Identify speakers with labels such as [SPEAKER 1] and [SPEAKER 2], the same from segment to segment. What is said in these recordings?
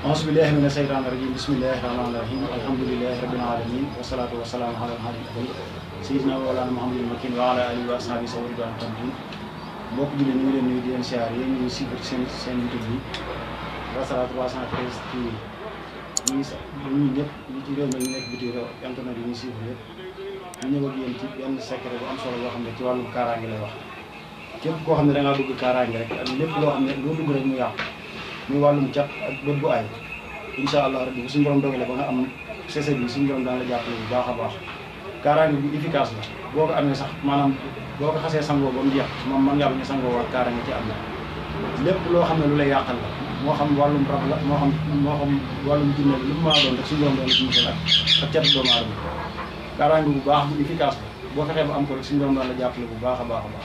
[SPEAKER 1] auzu billaahi mina sheytaani rajiim bismillaahi rahmaani rahiim alhamdulillaahi rabbil aalamiin wasalaatu wasalaamu ala al-hadi sayyidinaa wa mawlaanaa wa ala aalihi wa ashaabihi sa ridwaanu tamkiin ñu ngi leen nuyu di leen siyaar ñu ngi si seen seen YouTube bi Rafah 313 TV ñu ngi ñu ñëpp ñu ci réew mi ñu nekk biti réew internet yi ñu suivre yëpp ñu ñëw ak ci benn secret bu am solo boo xam ne ci wàllu kaaraange lay wax képp koo xam ne da ngaa bëgg kaaraange rek ak lépp loo xam ne loo dugg rek mu yàqu muy wàllum cat ak bët bu aay incha allah rabbi suñu borom dogalee ba nga am CC bi suñu borom daan la jàppale bu baax a baax bi efficace la boo amee sax maanaam boo xasee sangoo ba mu moom man ngaa bañ a sangoo waat kaaraange am lépp loo xam ne lu lay yàqal moo xam wàllum rab la moo xam moo xam wàllum jinne lu mu maa doon rek suñu borom doon ci musal ak cat doomu aadama bu baax bu boo fexee ba am ko rek la jàppale bu baax a baax a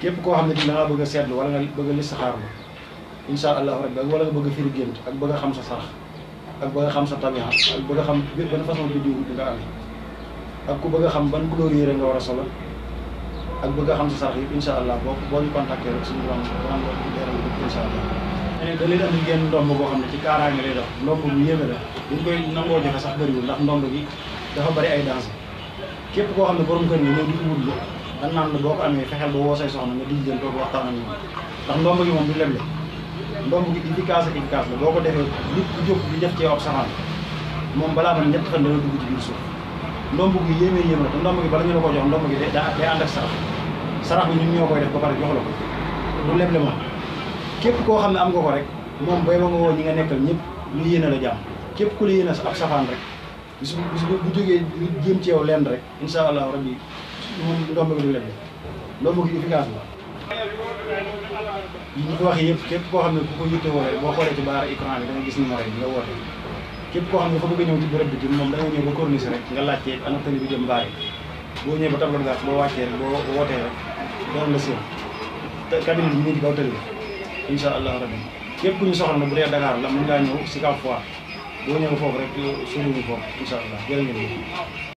[SPEAKER 1] képp koo xam ne da ngaa bëgg a seetlu wala nga bëgg a listixaar la incha allahu rabbi ak wala bëgg fi firi ak bëgg xam sa sax ak bëgg xam sa tabiha ak bëgg xam ben façon biddiw nga am ak ku bëgg xam ban couleur yére nga wara solo ak bëgg xam sa sax yi incha allah bo boo ñu contacté rek suñu borom borom la leeral yëpp incha allah ene da leen am ngeen ndomb bo xam ci karanga lay dox ndomb bu yéme la dañ koy nango jëf sax bari wu ndax ndomb gi dafa bari ay danger képp ko xam borom kër ni mo du wul la dan nan la boo ko amee fexeel ba soxna nga dij leen toog waxtaan ak ñoom ndax ndomb gi mom du lebb ndomb gi efficace ak efficace boo ko defee nit di def ci yow ab moom balaa man ñett fan dana dugg ci biir suuf ndomb gi yéeme la ñu la jox ndomb gi day day ànd ak sarax sarax bi ñun ñoo koy def ba pare jox la ko képp koo xam ne am nga rek moom bay ba ñi nga nekkal ñëpp lu yéene la képp ku la yéene ab rek bis bu bis bu bu rek incha allah rabbi ndomb gi du leble la yi ñu fi wax yëpp képp koo xam ne ku ko yittewoo rek boo xoolee ci baara écran bi gis numéro yi nga woote képp koo xam ne fa bëgg a ñëw ci bërëb bi ci moom da nga ñëw ba corniche rek nga laajtee ana tali bi boo ñëwee ba tableau gaz boo wàccee rek boo wootee rek doon la bi ñu ngi ci kaw tali incha allah rabbi képp ku ñu soxla na bu dee Dakar la mën ngaa ñëw si kaw fois boo ñëw foofu rek suñu ñu foofu incha allah jërë ngeen